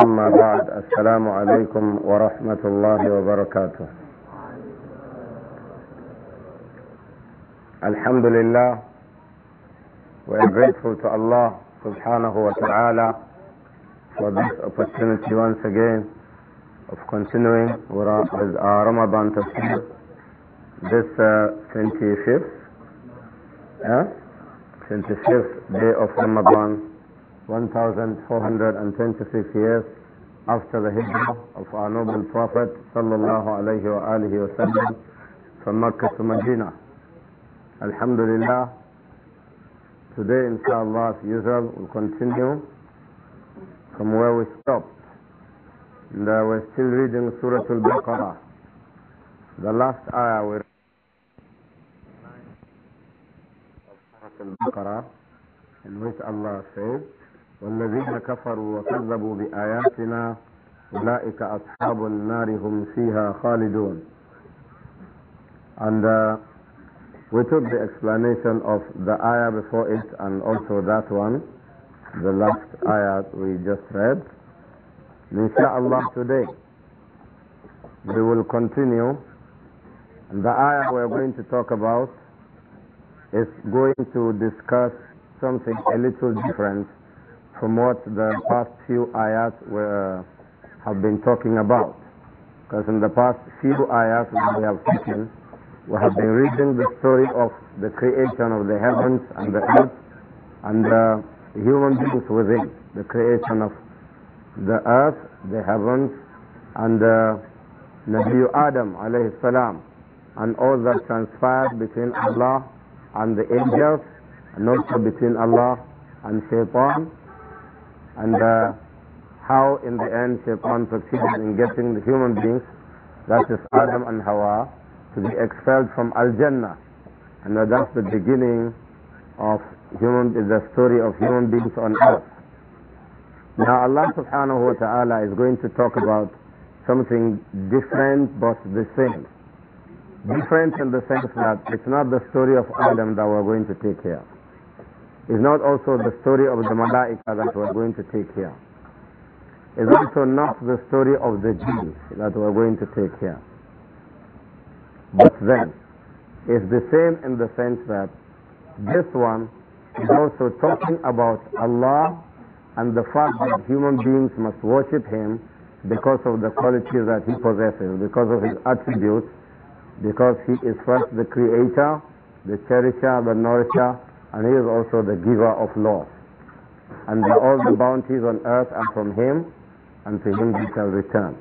أما بعد السلام عليكم ورحمة الله وبركاته الحمد لله We are grateful to Allah subhanahu wa ta'ala for this opportunity once again of continuing with our Ramadan tafsir this uh, 25th, eh? 25th day of Ramadan 1426 years after the hijrah of our noble Prophet sallallahu alayhi wa alihi from Mecca to Medina. Alhamdulillah, today inshallah as usual we'll continue from where we stopped. And uh, we're still reading Surah Al-Baqarah. The last ayah we read of Surah Al-Baqarah in which Allah says, والذين كفروا وكذبوا بآياتنا أولئك أصحاب النار هم فيها خالدون And uh, we took the explanation of the ayah before it and also that one, the last ayah we just read. Insha'Allah today we will continue. the ayah we are going to talk about is going to discuss something a little different from what the past few ayat were, uh, have been talking about. Because in the past few ayat we have taken, we have been reading the story of the creation of the heavens and the earth and the human beings within. The creation of the earth, the heavens, and the Nabi Adam alayhi salam, and all that transpired between Allah and the angels, and also between Allah and Shaitan, and uh, how in the end Shaitan succeeded in getting the human beings, that is Adam and Hawa, to be expelled from Al-Jannah. And uh, that's the beginning of human, the story of human beings on earth. Now Allah subhanahu wa ta'ala is going to talk about something different but the same. Different in the sense that it's not the story of Adam that we're going to take here is not also the story of the Malaika that we're going to take here. It's also not the story of the Jews that we're going to take here. But then, it's the same in the sense that this one is also talking about Allah and the fact that human beings must worship Him because of the qualities that He possesses, because of His attributes, because He is first the Creator, the Cherisher, the Nourisher, and he is also the giver of law. And all the bounties on earth are from him, and to him we shall return.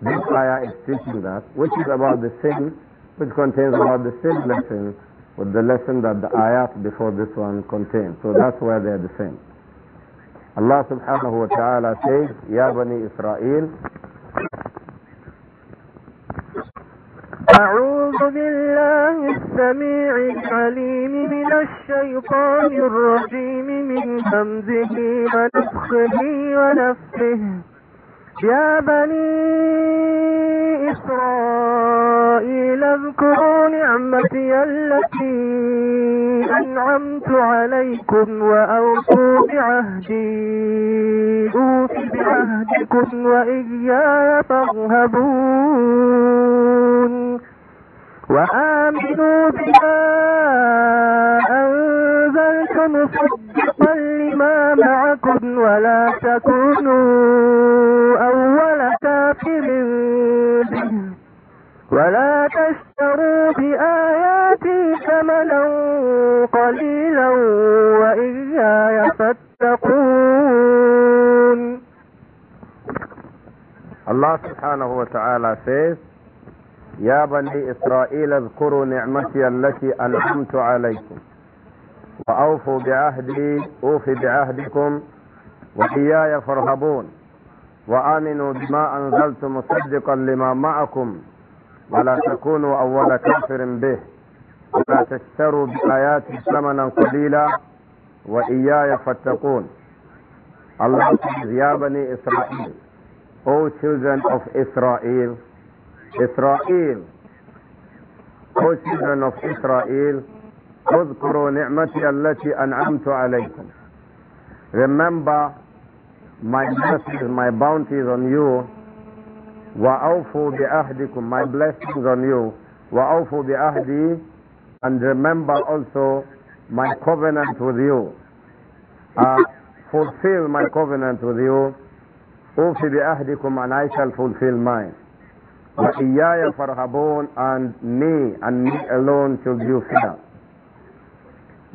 This ayah is teaching that, which is about the sin, which contains about the sin lesson with the lesson that the ayat before this one contains. So that's why they are the same. Allah subhanahu wa ta'ala says, Ya Bani Israel, السميع العليم من الشيطان الرجيم من همزه ونفخه ونفه يا بني إسرائيل اذكروا نعمتي التي أنعمت عليكم وأوفوا بعهدي أوف بعهدكم وإياي فارهبون وآمنوا بما أنزلت مصدقا لما معكم ولا تكونوا أول كافر به ولا تشتروا بآياتي ثمنا قليلا وإياي فاتقون الله سبحانه وتعالى says يا بني إسرائيل اذكروا نعمتي التي أنعمت عليكم وأوفوا بعهدي أوف بعهدكم وإياي فارهبون وآمنوا بما أنزلت مصدقا لما معكم ولا تكونوا أول كافر به ولا تشتروا بآياتي ثمنا قليلا وإياي فاتقون الله says, بني إسرائيل Israel, O children of Israel, Israel. O children of Israel اذكروا نعمتي التي أنعمت عليكم Remember my blessings, my bounties on you وأوفوا بعهدكم my blessings on you وأوفوا بعهدي and remember also my covenant with you uh, fulfill my covenant with you أوفي بعهدكم and I shall fulfill mine وَإِيَّايَ فَارْهَبُونَ And me, and me alone should you fear.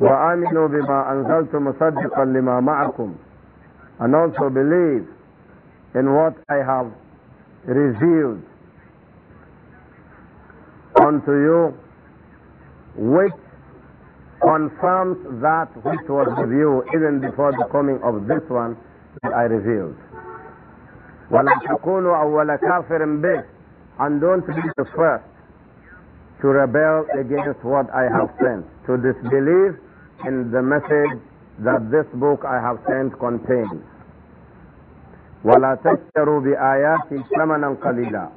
وَآمِنُوا بِمَا أَنزَلْتُ مُصَدِّقًا لِمَا مَعَكُمْ And also believe in what I have revealed unto you, which confirms that which was with you even before the coming of this one that I revealed. تَكُونُوا أَوَّلَ كَافِرٍ بِهِ and don't be the first to rebel against what I have sent, to disbelieve in the message that this book I have sent contains. وَلَا تَشْتَرُوا بِآيَاتِي ثَمَنًا قَلِيلًا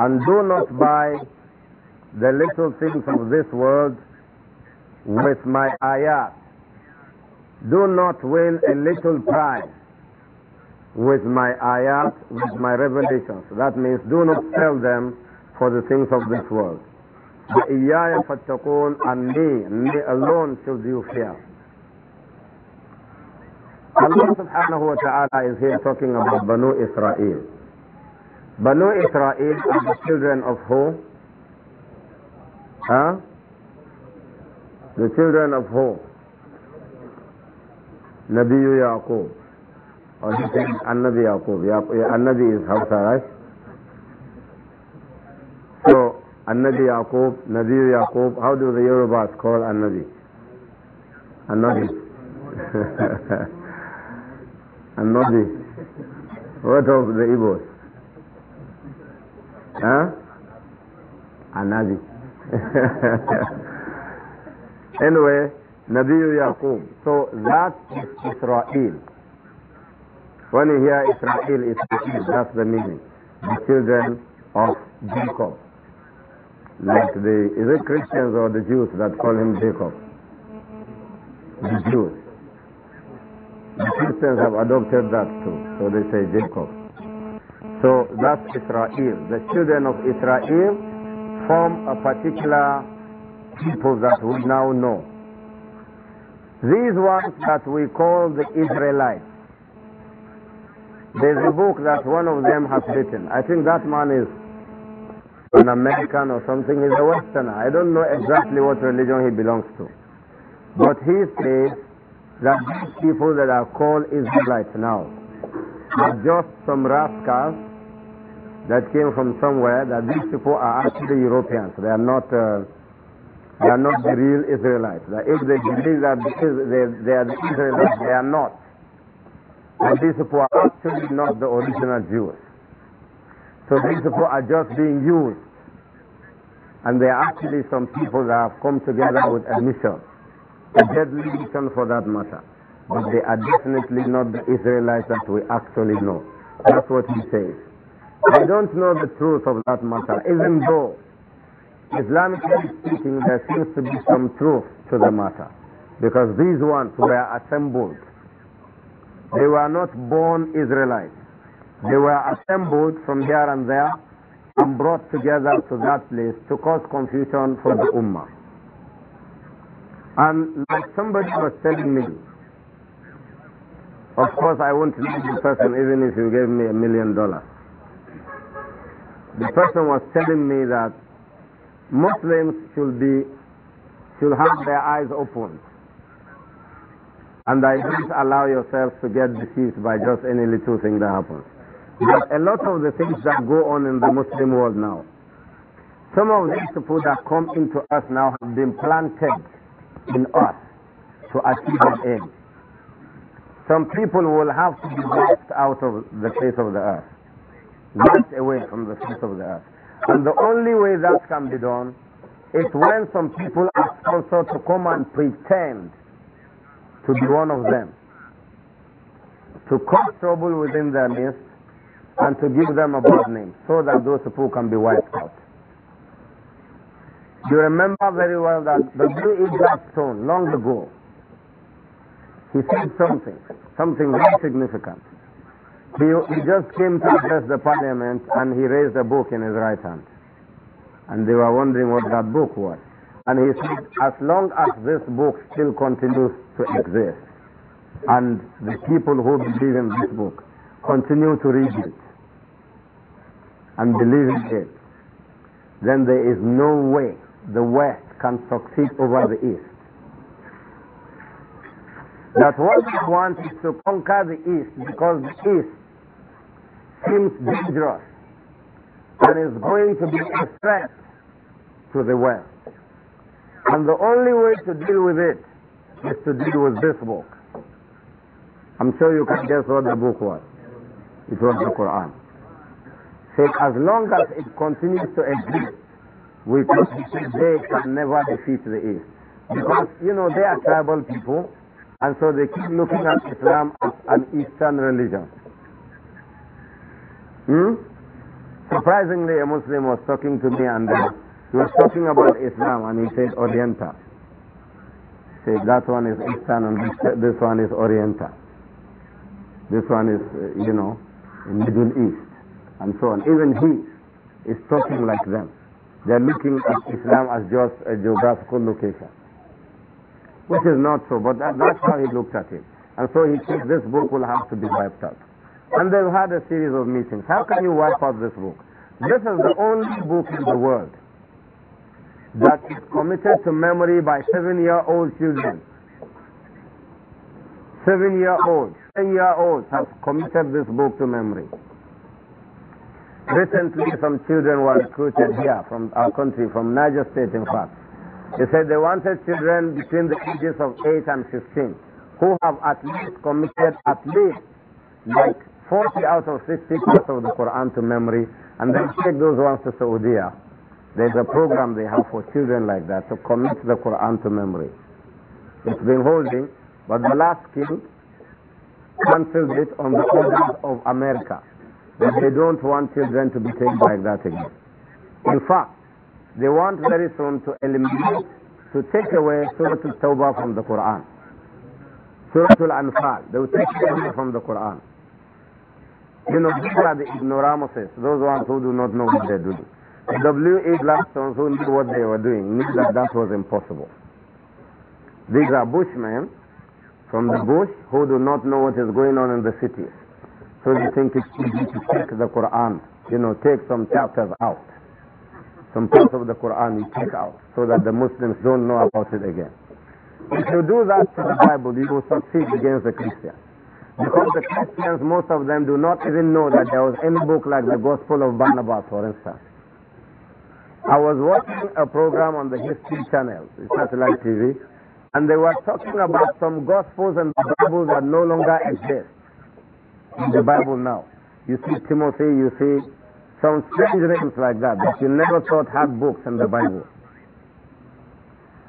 And do not buy the little things of this world with my ayat. Do not win a little prize with my ayat, with my revelations. That means do not sell them for the things of this world. وَإِيَّايَ فَاتَّقُونَ And me, me alone should you fear. Allah subhanahu wa ta'ala is here talking about Banu Israel. Banu Israel are the children of who? Huh? The children of who? Nabi Yaqub. Or oh, he said Annabi Yaqub. Annabi is Hausa, right? So, Annabi Yaqub, Nadir Yaqub, how do the Yorubas call Annabi? Annabi. Annabi. What of the Igbos? Huh? Annabi. anyway, Nabi Yaqub. So that is Israel. When you hear Israel, Israel, that's the meaning. The children of Jacob. Like the, is it Christians or the Jews that call him Jacob? The Jews. The Christians have adopted that too, so they say Jacob. So that's Israel. The children of Israel form a particular people that we now know. These ones that we call the Israelites, there's a book that one of them has written. I think that man is an American or something. He's a Westerner. I don't know exactly what religion he belongs to. But he says that these people that are called Israelites now are just some rascals that came from somewhere, that these people are actually Europeans. They are not. Uh, they are not the real Israelites. That if they believe that they, they are the Israelites, they are not. And these people are actually not the original Jews. So these people are just being used. And there are actually some people that have come together with a mission, a deadly mission for that matter. But they are definitely not the Israelites that we actually know. That's what he says. I don't know the truth of that matter, even though, Islamically speaking, there seems to be some truth to the matter. Because these ones were assembled they were not born Israelites. They were assembled from here and there and brought together to that place to cause confusion for the Ummah. And like somebody was telling me, of course I won't leave the person even if you gave me a million dollars. The person was telling me that Muslims should be should have their eyes open and that you don't allow yourselves to get deceived by just any little thing that happens. But a lot of the things that go on in the Muslim world now, some of these people that come into us now have been planted in us to achieve an aim. Some people will have to be wiped out of the face of the earth, washed away from the face of the earth. And the only way that can be done is when some people are sponsored to come and pretend to be one of them, to cause trouble within their midst, and to give them a bad name, so that those people can be wiped out. You remember very well that the blue Stone, long ago, he said something, something very significant. He, he just came to address the parliament and he raised a book in his right hand. And they were wondering what that book was. And he said, as long as this book still continues to exist, and the people who believe in this book continue to read it and believe in it, then there is no way the West can succeed over the East. That what we want is to conquer the East because the East seems dangerous and is going to be a threat to the West. And the only way to deal with it is to deal with this book. I'm sure you can guess what the book was. It was the Quran. Said as long as it continues to exist, we can they can never defeat the East. Because, you know, they are tribal people, and so they keep looking at Islam as an Eastern religion. Hmm? Surprisingly, a Muslim was talking to me and uh, he was talking about Islam and he said Oriental. He said that one is Eastern and this, one is Oriental. This one is, uh, you know, Middle East and so on. Even he is talking like them. They're looking at Islam as just a geographical location. Which is not so, but that, that's how he looked at it. And so he said this book will have to be wiped out. And they've had a series of meetings. How can you wipe out this book? This is the only book in the world that is committed to memory by seven-year-old children. 7 year old ten-year-olds have committed this book to memory. Recently, some children were recruited here from our country, from Niger State, in fact. They said they wanted children between the ages of 8 and 15 who have at least committed at least like 40 out of 60 parts of the Quran to memory and then take those ones to Saudi Arabia there's a program they have for children like that to commit the Quran to memory. It's been holding, but the last king cancelled it on the orders of America. But they don't want children to be taken like that again. In fact, they want very soon to eliminate, to take away Surah Al-Tawbah from the Quran. Surah Al-Anfal, they will take it away from the Quran. You know, these are the ignoramuses, those ones who do not know what they're doing. W.A. Gladstone, who knew what they were doing, knew that that was impossible. These are bushmen from the bush who do not know what is going on in the cities. So they think it's easy to take the Quran, you know, take some chapters out. Some parts of the Quran you take out so that the Muslims don't know about it again. If you do that to the Bible, you will succeed against the Christians. Because the Christians, most of them do not even know that there was any book like the Gospel of Barnabas, for instance. I was watching a program on the History Channel, satellite TV, and they were talking about some Gospels and the Bible that no longer exist in the Bible now. You see Timothy, you see some strange names like that that you never thought had books in the Bible.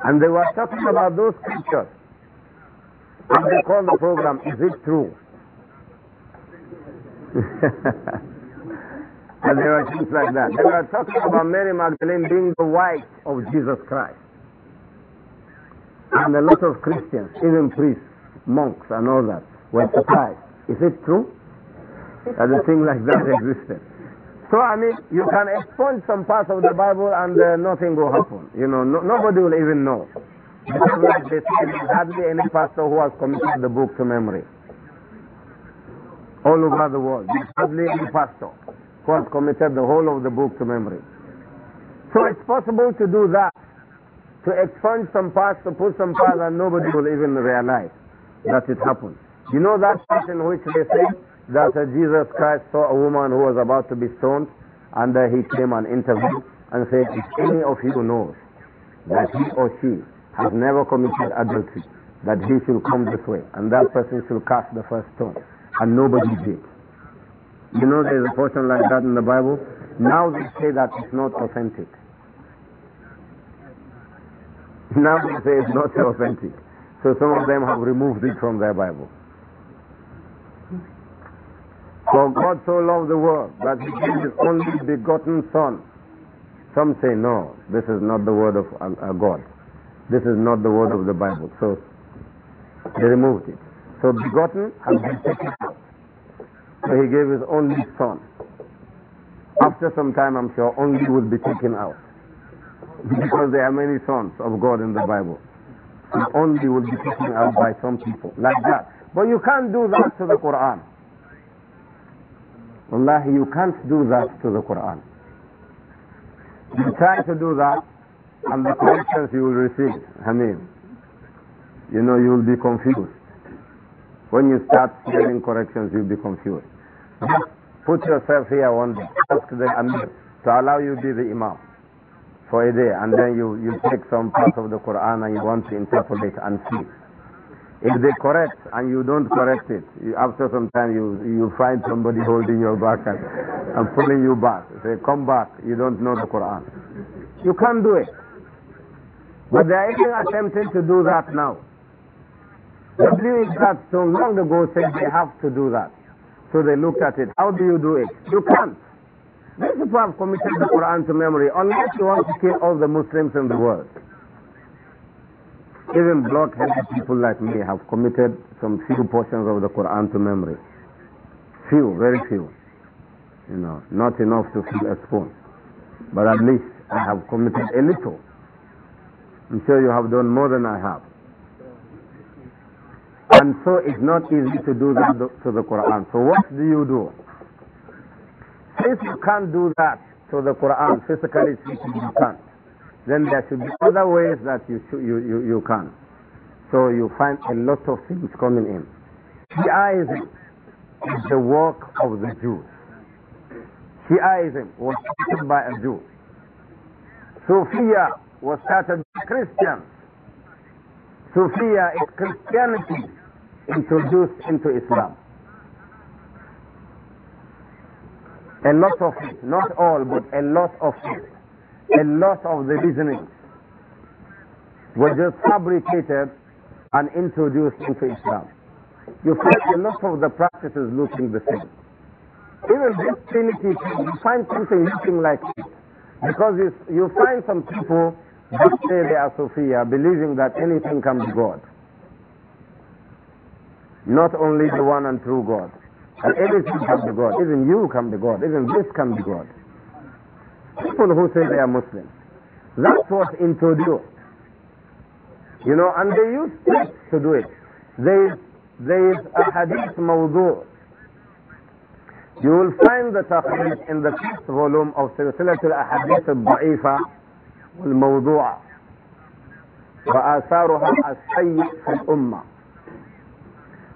And they were talking about those scriptures. And they called the program, Is It True? And there are things like that. They were talking about Mary Magdalene being the wife of Jesus Christ. And a lot of Christians, even priests, monks and all that, were surprised. Is it true? That a thing like that existed. So I mean, you can expunge some parts of the Bible and uh, nothing will happen. You know, no, nobody will even know. Because like they say, there's hardly any pastor who has committed the book to memory. All over the world, there's hardly any pastor first committed the whole of the book to memory. So it's possible to do that, to expunge some parts, to put some parts, and nobody will even realize that it happened. You know that part in which they say that uh, Jesus Christ saw a woman who was about to be stoned, and uh, he came and intervened and said, If any of you knows that he or she has never committed adultery, that he should come this way, and that person should cast the first stone. And nobody did. You know there is a portion like that in the Bible? Now they say that it's not authentic. Now they say it's not authentic. So some of them have removed it from their Bible. For God so loved the world that he gave his only begotten Son. Some say, no, this is not the word of uh, God. This is not the word of the Bible. So they removed it. So begotten has been taken so he gave his only son. After some time, I'm sure, only will be taken out. Because there are many sons of God in the Bible. only will be taken out by some people. Like that. But you can't do that to the Quran. Allah, you can't do that to the Quran. You try to do that, and the corrections you will receive, I mean, you know, you will be confused. When you start hearing corrections, you'll be confused. Put yourself here one day. Ask the Amir to allow you to be the Imam for a day and then you, you take some parts of the Quran and you want to interpolate and see. If they correct and you don't correct it, you, after some time you, you find somebody holding your back and, and pulling you back. Say, come back, you don't know the Quran. You can't do it. But they are even attempting to do that now. The view is that so long ago said they have to do that. So they looked at it. How do you do it? You can't. These people have committed the Quran to memory unless you want to kill all the Muslims in the world. Even blockheaded people like me have committed some few portions of the Quran to memory. Few, very few. You know, not enough to fill a spoon. But at least I have committed a little. I'm sure you have done more than I have. And so it's not easy to do that to the Quran. So what do you do? Since you can't do that to the Quran, physically speaking, you can't. Then there should be other ways that you, should, you, you, you can. So you find a lot of things coming in. Shiaism is the work of the Jews. Shiaism was started by a Jew. Sophia was started by Christians. Sophia is Christianity introduced into Islam. A lot of it, not all, but a lot of it, a lot of the reasonings were just fabricated and introduced into Islam. You find a lot of the practices looking the same. Even this Trinity, you find something looking like it. Because you, you find some people that say they are Sophia, believing that anything can be God not only the one and true God. And everything comes to God. Even you come to God. Even this comes to God. People who say they are Muslims. That was introduced. You know, and they use it to do it. There is, there is a hadith mawdu. You will find the taqrib in the fifth volume of Silsilat al-Ahadith al-Da'ifa wa mawdua وآثارها السيء في الأمة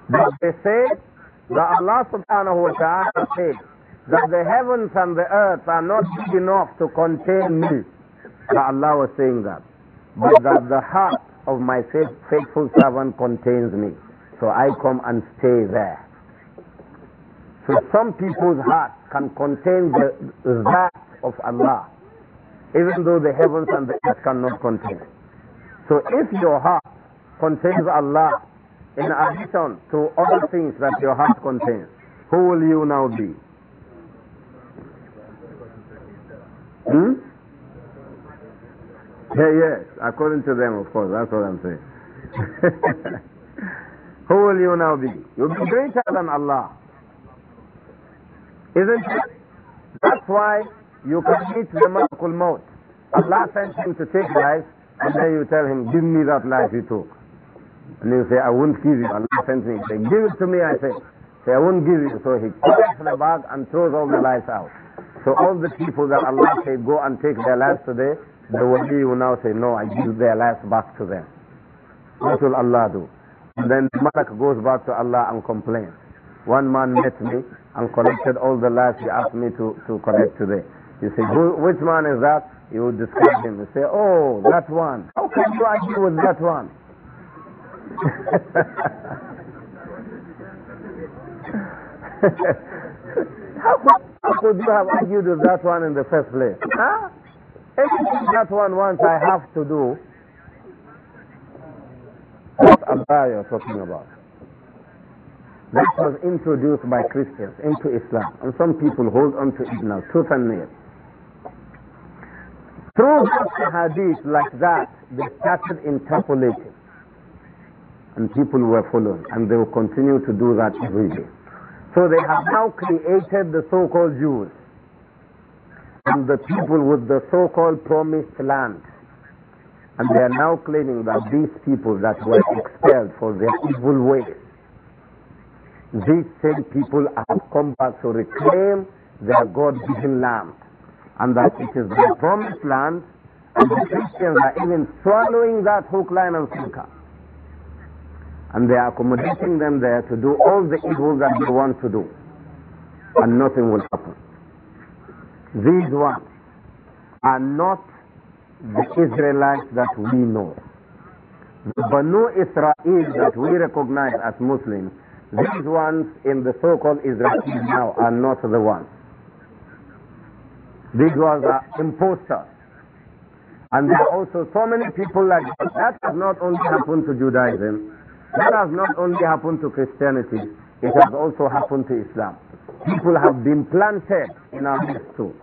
but they say that Allah subhanahu wa ta'ala said that the heavens and the earth are not big enough to contain me. That Allah was saying that. But that the heart of my faithful servant contains me. So I come and stay there. So some people's heart can contain the that of Allah, even though the heavens and the earth cannot contain it. So if your heart contains Allah in addition to all things that your heart contains, who will you now be? Hmm? Yeah, yes, according to them, of course, that's what I'm saying. who will you now be? You'll be greater than Allah. Isn't it? That's why you can the Malakul Maut. Allah sent him to take life, and then you tell him, give me that life you took. And he say, I won't give you. Allah sends me. Say, give it to me, I say. Say, I won't give you. So he collects the bag and throws all the lives out. So all the people that Allah said, go and take their lives today, the wali will now say, no, I give their lives back to them. What will Allah do? And then the malak goes back to Allah and complains. One man met me and collected all the lives he asked me to, to collect today. You say, which man is that? You describe him. You say, oh, that one. How can you argue with that one? how, could, how could you have argued with that one in the first place? Huh? Everything that one wants, I have to do. What Allah you're talking about? That was introduced by Christians into Islam, and some people hold on to it now, tooth and nail. Through the hadith like that, they started interpolating and people were following, and they will continue to do that every day. So they have now created the so-called Jews and the people with the so-called promised land. And they are now claiming that these people that were expelled for their evil ways, these same people have come back to reclaim their God-given land. And that it is the promised land, and the Christians are even swallowing that hook, line, and sinker and they are accommodating them there to do all the evil that they want to do and nothing will happen. These ones are not the Israelites that we know. The Banu Israel that we recognize as Muslims, these ones in the so-called Israel now are not the ones. These ones are imposters. And there are also so many people like that. That has not only happened to Judaism, that has not only happened to Christianity, it has also happened to Islam. People have been planted in our midst too.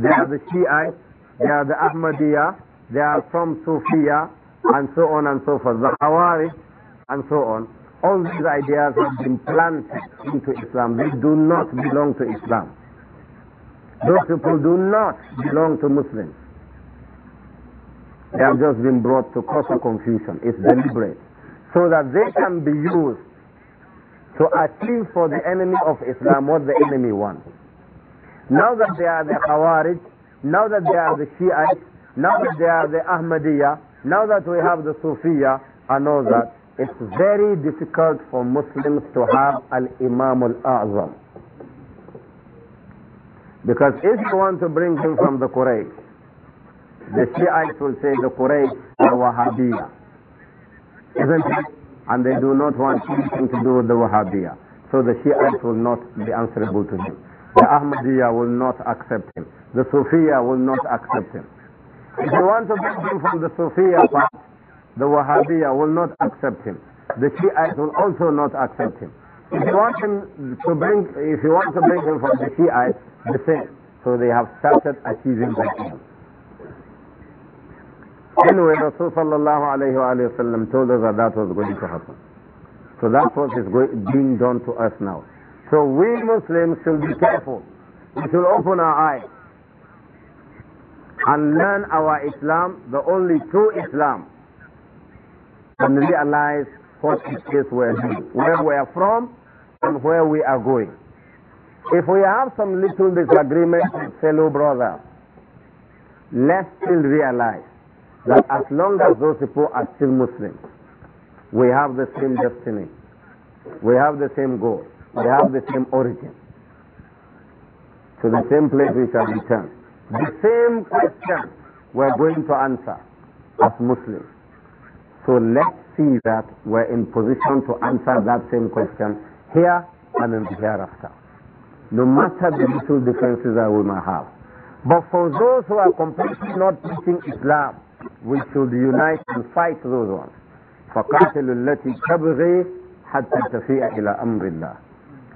They are the Shiites, they are the Ahmadiyya, they are from Sufiya, and so on and so forth, the Hawari, and so on. All these ideas have been planted into Islam. They do not belong to Islam. Those people do not belong to Muslims. They have just been brought to cause a confusion. It's deliberate so that they can be used to achieve for the enemy of Islam what the enemy wants. Now that they are the Khawarij, now that they are the Shiites, now that they are the Ahmadiyya, now that we have the Sufiya I know that, it's very difficult for Muslims to have Al-Imam Al-A'zam. Because if you want to bring him from the Quraysh, the Shiites will say the Quraysh are Wahhabiyya. Isn't it? And they do not want anything to do with the Wahhabiyah. So the Shiites will not be answerable to him. The Ahmadiyya will not accept him. The Sufiya will not accept him. If you want to get him from the Sufiya part, the Wahhabiyya will not accept him. The Shiites will also not accept him. If you want him to bring, if you want to bring him from the Shiites, the same. So they have started achieving that aim. Anyway, Rasul sallallahu alayhi wa sallam told us that that was going to happen. So that's what is being done to us now. So we Muslims should be careful. We should open our eyes and learn our Islam, the only true Islam, and realize what it is we're doing, where we are from, and where we are going. If we have some little disagreement with fellow brother, let's still realize that as long as those people are still Muslims, we have the same destiny, we have the same goal, we have the same origin. To the same place we shall return. The same question we're going to answer as Muslims. So let's see that we're in position to answer that same question here and in the hereafter. No matter the little differences that we might have. But for those who are completely not teaching Islam, we should unite and fight those ones. فقاتلوا التي تبغي حتى تفيء إلى أمر الله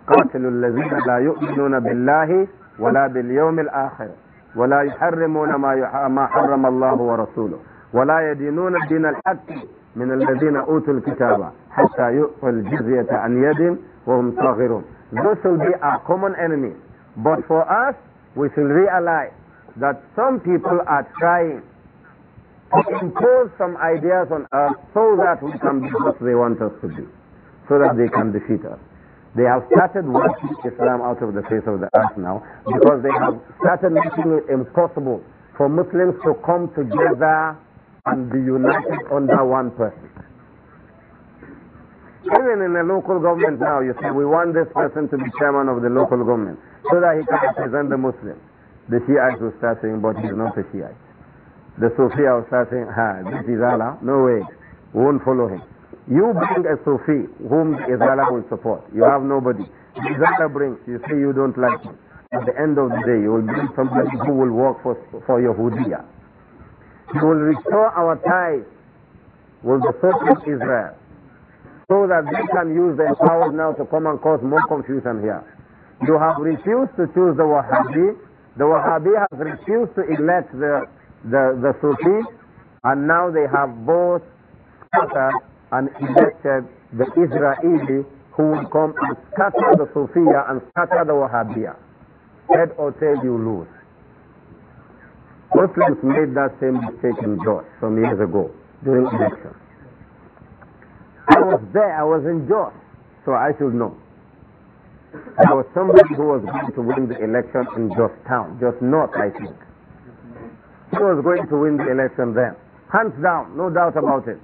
قاتلوا الذين لا يؤمنون بالله ولا باليوم الآخر ولا يحرمون ما ما حرم الله ورسوله ولا يدينون الدين الحق من الذين أوتوا الكتاب حتى يؤتوا الجزية عن يد وهم صاغرون Those will be our common enemy. But for us, we should realize that some people are trying impose some ideas on us so that we can be what they want us to be, so that they can defeat us. They have started wiping Islam out of the face of the earth now because they have started making it impossible for Muslims to come together and be united under one person. Even in the local government now, you say, we want this person to be chairman of the local government so that he can represent the Muslims. The Shiites will start saying, but he's not a Shiite. The Sufi will saying, ha, this is Allah. No way. Won't follow him. You bring a Sufi whom is Allah will support. You have nobody. The Izala brings, you say you don't like him. At the end of the day, you will bring somebody who will work for, for Yahudiya. You will restore our ties with the of Israel so that they can use their powers now to come and cause more confusion here. You have refused to choose the Wahhabi. The Wahhabi has refused to elect the the, the Sufis, and now they have both scattered and elected the Israeli who will come and scatter the Sufiya and scatter the Wahhabiya. Head or tail you lose. Muslims made that same mistake in Josh some years ago during election. I was there, I was in Josh, so I should know. There was somebody who was going to win the election in Josh town, just north I think. He was going to win the election then. Hands down, no doubt about it.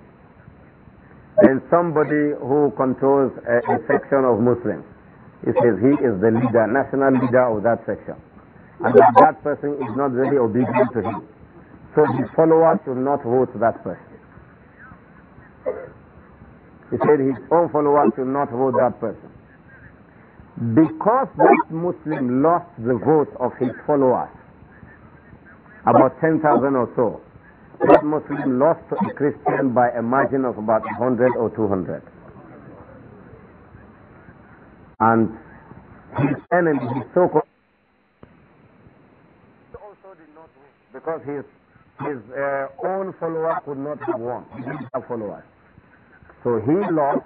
Then somebody who controls a, a section of Muslims, he says he is the leader, national leader of that section. And that, that person is not very really obedient to him. So his followers should not vote that person. He said his own followers should not vote that person. Because that Muslim lost the vote of his followers, about 10,000 or so. That Muslim lost to a Christian by a margin of about 100 or 200. And his enemy, his so-called also did not win because his his uh, own follower could not have won. He didn't have followers. So he lost,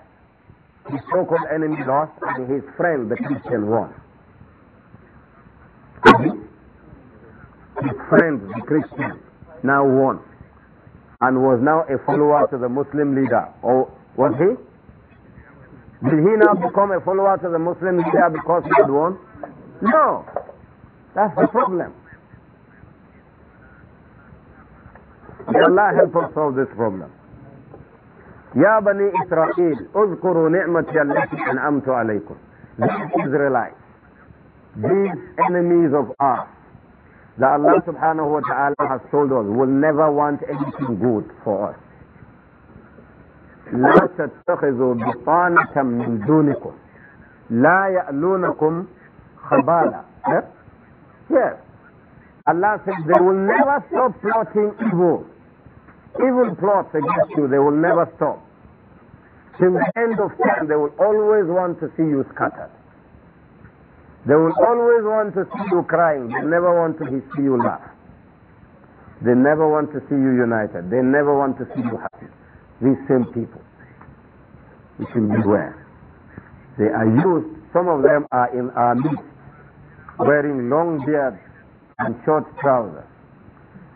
his so-called enemy lost, and his friend, the Christian, won. friend the Christian now won and was now a follower to the Muslim leader. Or was he? Did he now become a follower to the Muslim leader because he had won? No. That's the problem. May Allah help us solve this problem. Ya bani Israel, اذكروا نعمتي التي amtu alaykum. These Israelites, these enemies of us, that Allah subhanahu wa ta'ala has told us will never want anything good for us. لا تتخذوا بطانة من دونكم لا يألونكم خبالا Yes. Allah says they will never stop plotting evil. Evil plots against you, they will never stop. Till the end of time, they will always want to see you scattered. They will always want to see you crying. They never want to see you laugh. They never want to see you united. They never want to see you happy. These same people. You should beware. They are used, some of them are in our midst, wearing long beards and short trousers.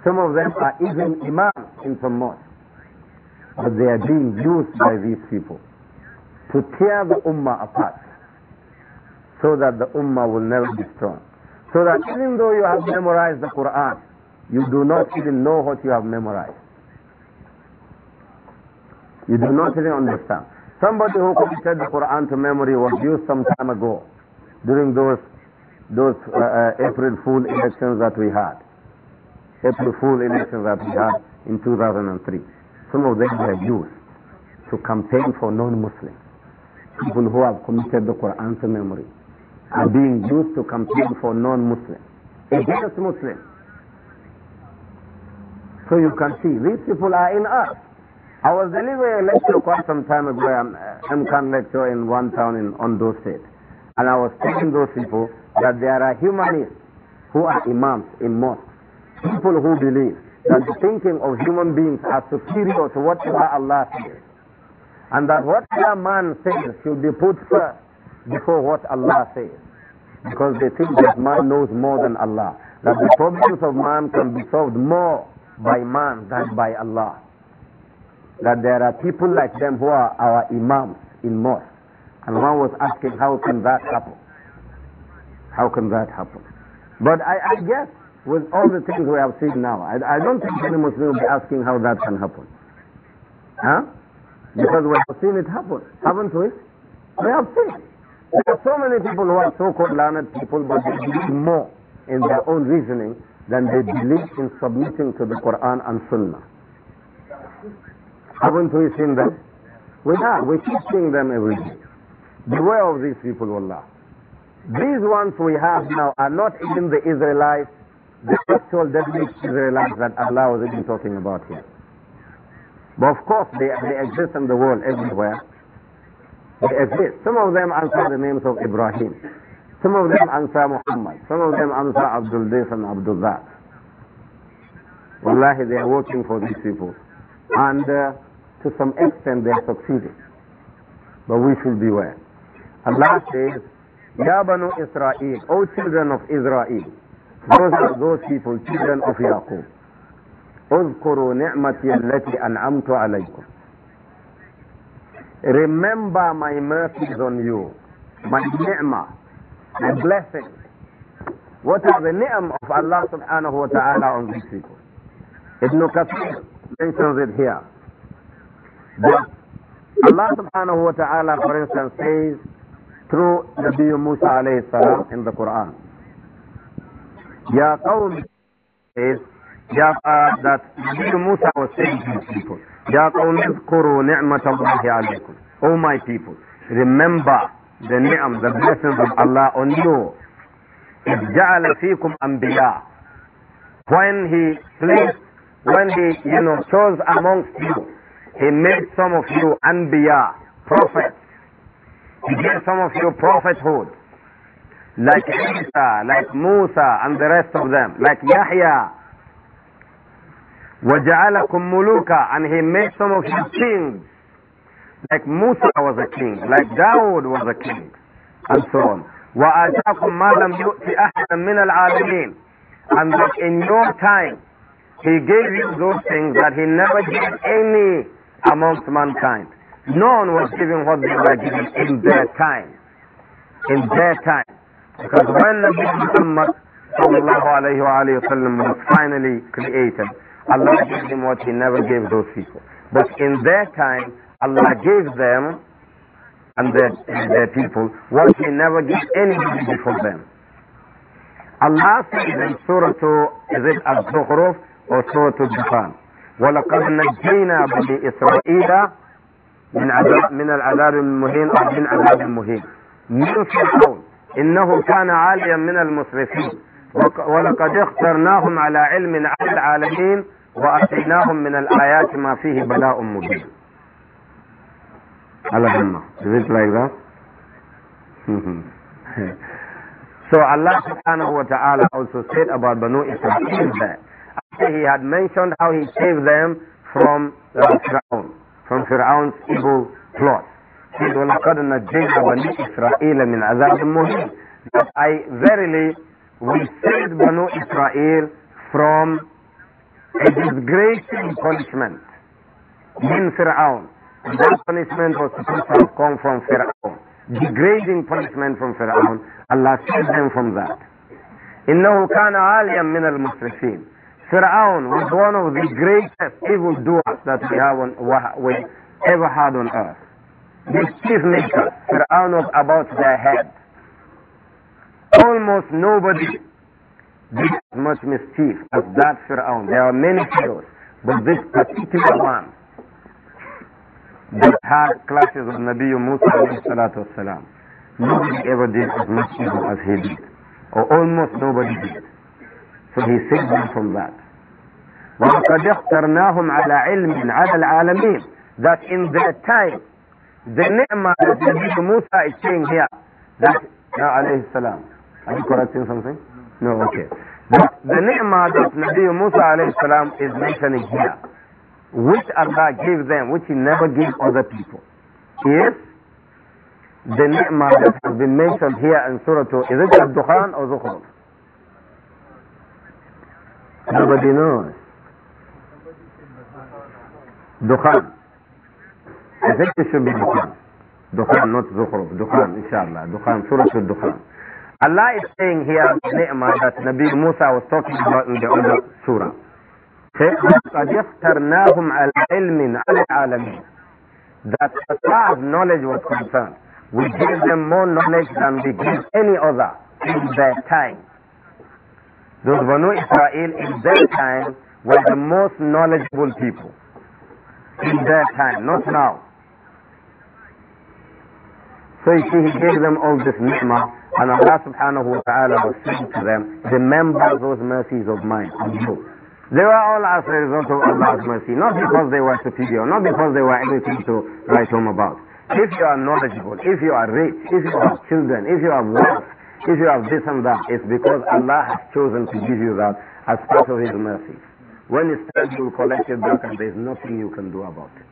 Some of them are even imams in some mosque, But they are being used by these people to tear the ummah apart so that the ummah will never be strong. So that even though you have memorized the Quran, you do not even know what you have memorized. You do not even understand. Somebody who committed the Quran to memory was used some time ago during those those uh, uh, April Fool elections that we had. April Fool elections that we had in 2003. Some of them were used to campaign for non-Muslims, people who have committed the Quran to memory are being used to campaign for non-Muslims, against Muslims. So you can see, these people are in us. I was delivering a lecture quite some time ago, um, uh, an MCAN lecture in one town in Ondo State. And I was telling those people that there are humanists who are imams in mosques, people who believe that the thinking of human beings are superior to whatever Allah says. And that whatever man says should be put first before what Allah says. Because they think that man knows more than Allah. That the problems of man can be solved more by man than by Allah. That there are people like them who are our imams in mosque. And one was asking, how can that happen? How can that happen? But I, I guess with all the things we have seen now, I, I don't think any Muslim will be asking how that can happen. Huh? Because we have seen it happen, haven't we? We have seen it. There are so many people who are so-called learned people, but they believe more in their own reasoning than they believe in submitting to the Quran and Sunnah. Haven't we seen them? We are. We keep seeing them every day. Beware of these people, Allah. These ones we have now are not even the Israelites, the actual definite Israelites that Allah was even talking about here. But of course, they, they exist in the world everywhere. They exist. Some of them answer the names of Ibrahim. Some of them answer Muhammad. Some of them answer Abdul this and Abdul that. Wallahi, they are working for these people. And uh, to some extent, they are succeeding. But we should beware. Allah says, Ya Banu Israel, O children of Israel, those are those people, children of Yaqub. اذكروا نعمتي التي أنعمت عليكم Remember my mercies on you, my ni'mah, my blessings. What is the name of Allah subhanahu wa ta'ala on these people? Ibn Kathir mentions it here. But Allah subhanahu wa ta'ala, for instance, says through Nabi Musa alayhi salam in the Quran, Ya qawm is, Ya, uh, that Nabi Musa was saying to people. Ya O my people, remember the ni'am, the blessings of Allah on you. جعل فيكم أنبياء when he placed when he you know chose amongst you he made some of you anbiya prophets he gave some of you prophethood like Isa like Musa and the rest of them like Yahya وَجَعَلَكُمْ مُلُوكًا And he made some of you kings. Like Musa was a king, like Dawood was a king, and so on. وَآتَاكُمْ مَا لَمْ يُؤْتِ أَحَدًا مِنَ الْعَالَمِينَ And that in your time, he gave you those things that he never gave any amongst mankind. No one was given what they were given in their time. In their time. Because when Prophet Muhammad sallallahu alaihi wasallam, was finally created, Allah gave him what he never gave those people. But in their time, Allah gave them and their, and their people what he never gave anybody before them. Allah said in Surah, is it Al-Zukhruf or Surah Al-Dukhan? وَلَقَدْ نَجَّيْنَا بَنِي إِسْرَائِيلَ من عذاب من العذاب المهين أو من عذاب المهين من فرعون إنه كان عاليا من المسرفين ولقد اخترناهم على علم على العالمين وآتيناهم من الآيات ما فيه بلاء مبين Allahumma, Is it like that? so Allah subhanahu wa ta'ala also said about Banu Israel that after he had mentioned how he saved them from uh, Fir'aun, from Fir'aun's evil plot. He said, وَلَقَدْ نَجَّيْنَا بَنِي إِسْرَائِيلَ مِنْ عَذَابٍ مُهِينٍ That I verily, we saved Banu Israel from a disgraceful punishment in Fir'aun. That punishment was supposed to have come from Fir'aun. Degrading punishment from Fir'aun. Allah saved them from that. إنه كان عاليا من المسرفين. Fir'aun was one of the greatest evil doers that we have on, we ever had on earth. The chief maker, Fir'aun was about their head. Almost nobody did as much mischief as that Fir'aun. There are many heroes, but this particular one that had clashes with Nabi Musa nobody ever did as much evil as he did, or almost nobody did. So he saved them from that. وَلَقَدْ اخْتَرْنَاهُمْ عَلَى عِلْمٍ عَلَى الْعَالَمِينَ That in their time, the ni'mah that Nabi Musa is saying here, that, now alayhi salam, are you correcting something? No, okay. the ni'mah that Nabi Musa alayhi salam is mentioning here, which Allah gave them, which He never gave other people, is the ni'mah that has been mentioned here in Surah 2. Is it Ad-Dukhan or Zukhruf? Nobody knows. Dukhan. I think it should be Dukhan. Dukhan, not Zukhruf. Dukhan, inshallah. Dukhan, Surah Al-Dukhan. Allah is saying here the ni'mah that Nabi Musa was talking about in the other surah. قد يفترناهم على علم على العالمين that as far as knowledge was concerned we gave them more knowledge than we gave any other in their time those Banu Israel in their time were the most knowledgeable people in their time not now so you see, he gave them all this ni'mah, and Allah subhanahu wa ta'ala was saying to them, remember those mercies of mine on you. They were all as a result of Allah's mercy, not because they were superior, not because they were anything to write home about. If you are knowledgeable, if you are rich, if you have children, if you have wealth, if you have this and that, it's because Allah has chosen to give you that as part of His mercy. When it's time, you collect it back and there's nothing you can do about it.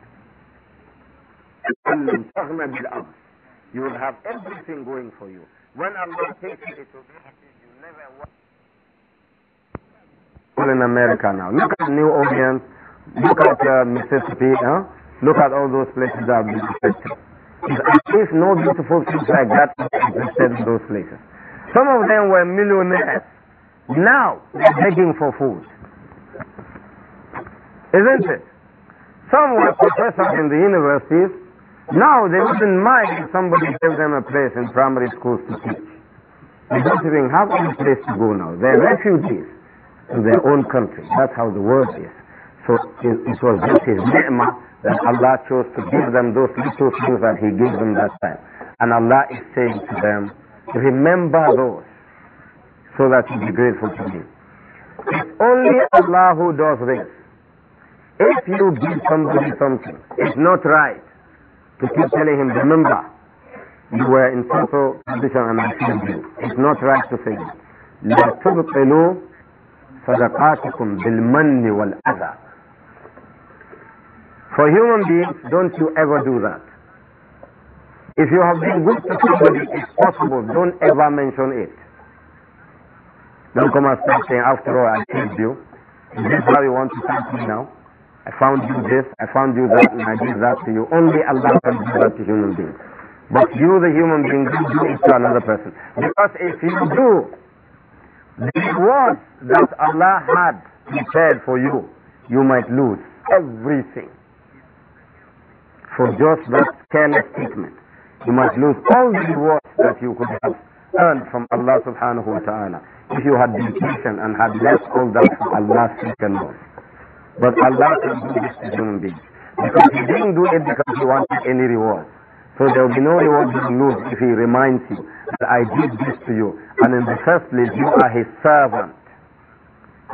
You will have everything going for you. When Allah takes it, it will be you never want. All in America now. Look at New Orleans. Look at uh, Mississippi. Huh? Look at all those places that have been affected. If no beautiful things like that existed in those places. Some of them were millionaires. Now they're begging for food. Isn't it? Some were professors in the universities now they wouldn't mind if somebody gave them a place in primary schools to teach. They don't even have any place to go now. They're refugees in their own country. That's how the world is. So it, it was just his ni'mah that Allah chose to give them those little things that he gave them that time. And Allah is saying to them, remember those so that you be grateful to me. It's only Allah who does this. If you give somebody something, it's not right to keep telling him, remember, you were in total condition and I killed you. It's not right to say it. لا تبطلوا صدقاتكم بالمن والأذى. For human beings, don't you ever do that. If you have been good to somebody, it's possible. Don't ever mention it. Don't come and start saying, after all, I killed you. Is this how you want to thank me now? I found you this, I found you that, and I did that to you. Only Allah can do that to human beings. But you, the human being, do it to another person. Because if you do, the reward that Allah had prepared for you, you might lose everything. For just that careless statement, you might lose all the rewards that you could have earned from Allah subhanahu wa ta'ala if you had been patient and had left all that for Allah's sake you. But Allah can do this to human beings. Because he didn't do it because he wanted any reward. So there will be no reward you lose if he reminds you that I did this to you. And in the first place, you are his servant.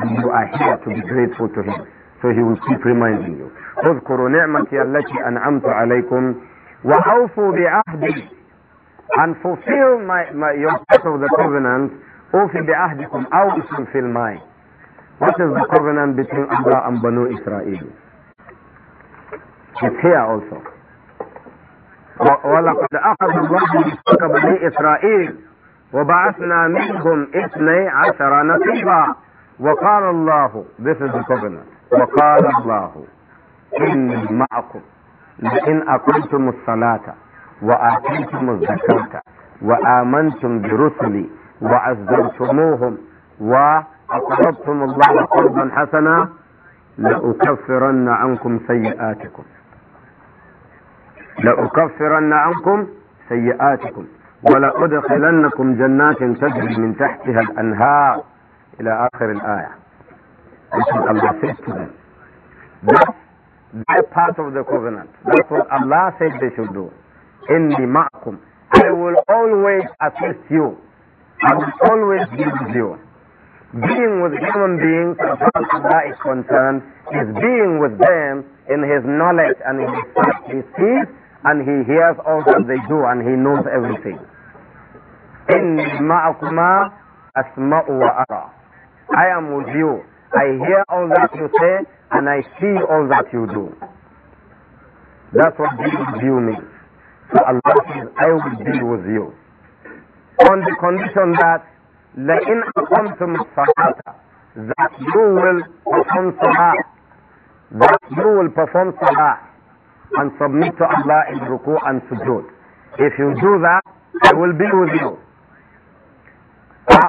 And you are here to be grateful to him. So he will keep reminding you. اذكروا نعمتي التي أنعمت عليكم وأوفوا بعهدي and fulfill my, my, your part of the covenant أوفي بعهدكم أوفوا في الماء what is the covenant between Allah and Banu Israel? It's here also. ولقد أخذ الله ميثاق بني إسرائيل وبعثنا منهم اثني عشر نقيبا وقال الله this is the covenant وقال الله إني معكم لئن أقمتم الصلاة وآتيتم الزكاة وآمنتم برسلي وعزرتموهم و أقرضتم الله قرضا حسنا لأكفرن عنكم سيئاتكم لأكفرن عنكم سيئاتكم ولأدخلنكم جنات تجري من تحتها الأنهار إلى آخر الآية This Allah says to them. That's their part of the covenant. That's what Allah said they should do. إني معكم. I will always assist you. I will always be with you. being with human beings as far as Allah is concerned is being with them in His knowledge and in His sight. He sees and He hears all that they do and He knows everything. إِنِّي مَعَكُمَا أَسْمَعُ وَأَرَى I am with you. I hear all that you say and I see all that you do. That's what being with you means. So Allah says, I will be with you. On the condition that لئن أقمتم الصلاة that you will perform salah that you will perform salah and submit to Allah in ruku and sujood if you do that I will be with you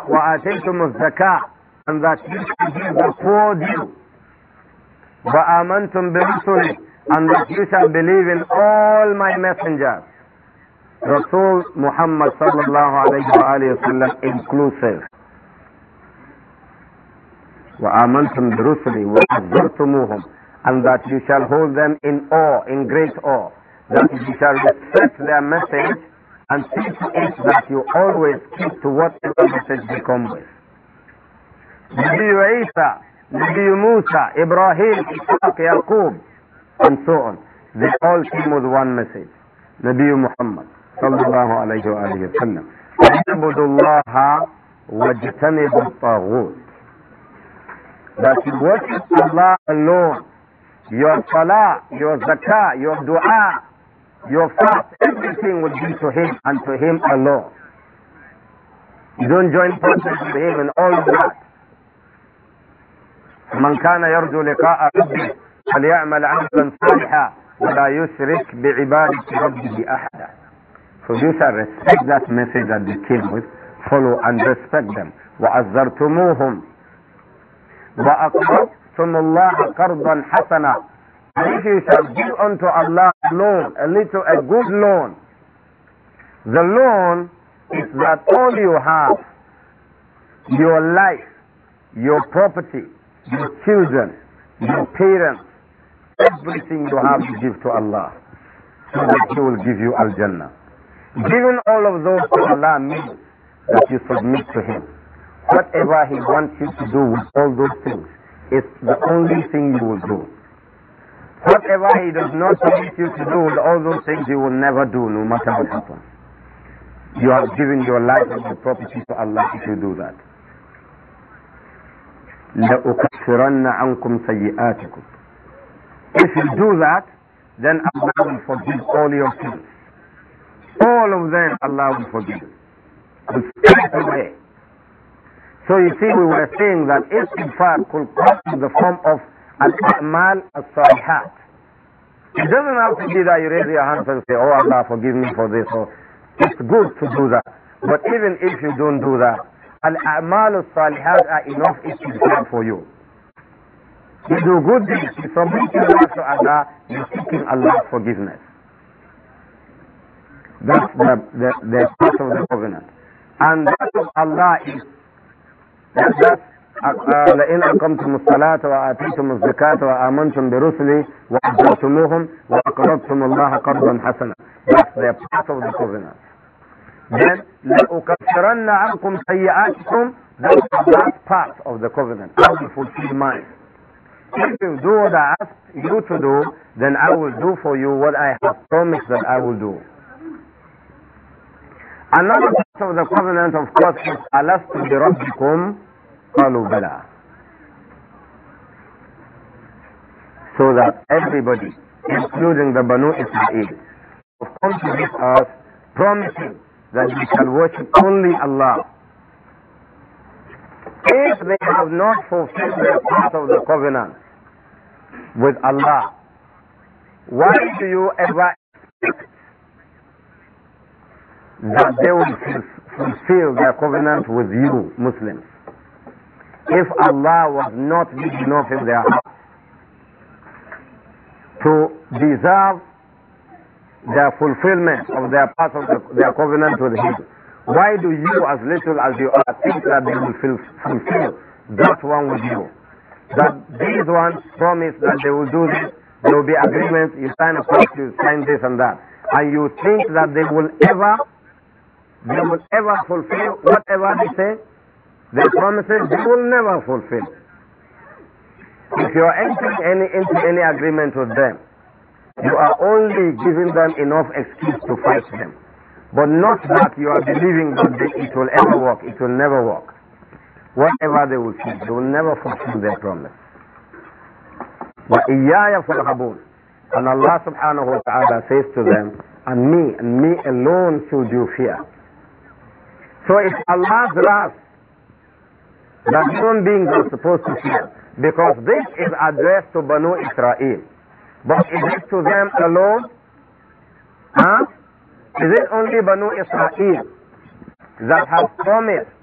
وآتيتم ah, الزكاة and that you shall give the poor due وآمنتم برسلي and that you shall believe in all my messengers Rasul Muhammad sallallahu alayhi wa sallam inclusive. And that you shall hold them in awe, in great awe. That you shall respect their message and see to it that you always keep to whatever message they come with. Nabi Isa, Nabi Musa, Ibrahim, Ishaq, Yaqub, and so on. They all came with one message. Nabi Muhammad. صلى الله عليه وآله وسلم اعبدوا الله واجتنبوا الطاغوت that you worship Allah alone your salah your zakah your dua your fast everything will be to him and to him alone you don't join forces with him in all that من كان يرجو لقاء ربه فليعمل عملا صالحا ولا يشرك بعبادة ربه أحدا So you shall respect that message that they came with, follow and respect them. وَأَزَّرْتُمُوهُمْ وَأَقْرَضْتُمُ اللَّهَ قَرْضًا حَسَنًا And if you shall give unto Allah loan, a little, a good loan, the loan is that all you have, your life, your property, your children, your parents, everything you have to give to Allah, so that He will give you Al Jannah. Given all of those to Allah means that you submit to Him. Whatever He wants you to do with all those things is the only thing you will do. Whatever He does not permit you to do with all those things, you will never do, no matter what happens. You are given your life and your property to Allah if you do that. If you do that, then Allah will forgive all your sins. All of them Allah will forgive you. away. So you see, we were saying that istighfar could come in the form of al-a'mal as-salihat. It doesn't have to be that you raise your hands and say, Oh Allah, forgive me for this. Or, it's good to do that. But even if you don't do that, al-a'mal as-salihat are enough istighfar for you. You do good deeds, you submit your life to Allah, you're seeking Allah's forgiveness. That's the, the, the part of the covenant. And that of Allah is that, that uh, uh, لئن أقمتم الصلاة وآتيتم الزكاة وآمنتم برسلي وأجرتموهم وأقرضتم الله قرضا حسنا That's the part of the covenant. Then لأكفرن عنكم سيئاتكم That's the last part of the covenant. I will fulfill mine. If you do what I ask you to do, then I will do for you what I have promised that I will do. Another part of the covenant, of course, is Alastu bi Rabbikum qalu bala. So that everybody, including the Banu Israel, have come to this earth promising that we shall worship only Allah. If they have not fulfilled their part of the covenant with Allah, why do you ever expect that they will fulfill their covenant with you, Muslims. If Allah was not big enough in their heart to deserve their fulfillment of their part of the, their covenant with Him, why do you, as little as you are, think that they will fulfill that one with you? That these ones promise that they will do this, there will be agreements, you sign a contract, you sign this and that. And you think that they will ever they will ever fulfill whatever they say. Their promises they will never fulfill. If you are entering any, into any agreement with them, you are only giving them enough excuse to fight them. But not that you are believing that they, it will ever work. It will never work. Whatever they will say, they will never fulfill their promise. وَإِيَّايَ فَارْهَبُونَ And Allah subhanahu wa ta'ala says to them, and me, and me alone should you fear. So it's Allah's wrath that human beings are supposed to fear because this is addressed to Banu Israel. But is it to them alone? Huh? Is it only Banu Israel that has promised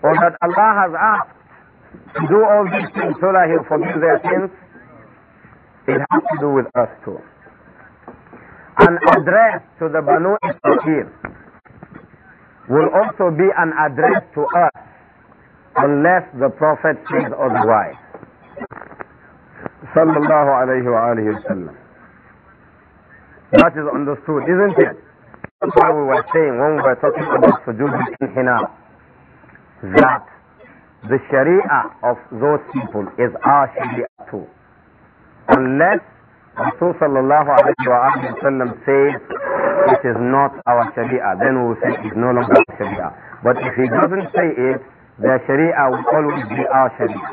or that Allah has asked to do all these things so that He'll forgive their sins? It has to do with us too. An address to the Banu Israel will also be an address to us unless the Prophet says otherwise. Sallallahu alayhi wa alayhi wa That is understood, isn't it? That's why we were saying when we were talking about sujood Hina. that the sharia of those people is our sharia too. Unless Rasul sallallahu alayhi wa sallam says it is not our Sharia, then we will say it's no longer our Sharia. But if he doesn't say it, the Sharia will always be our Sharia.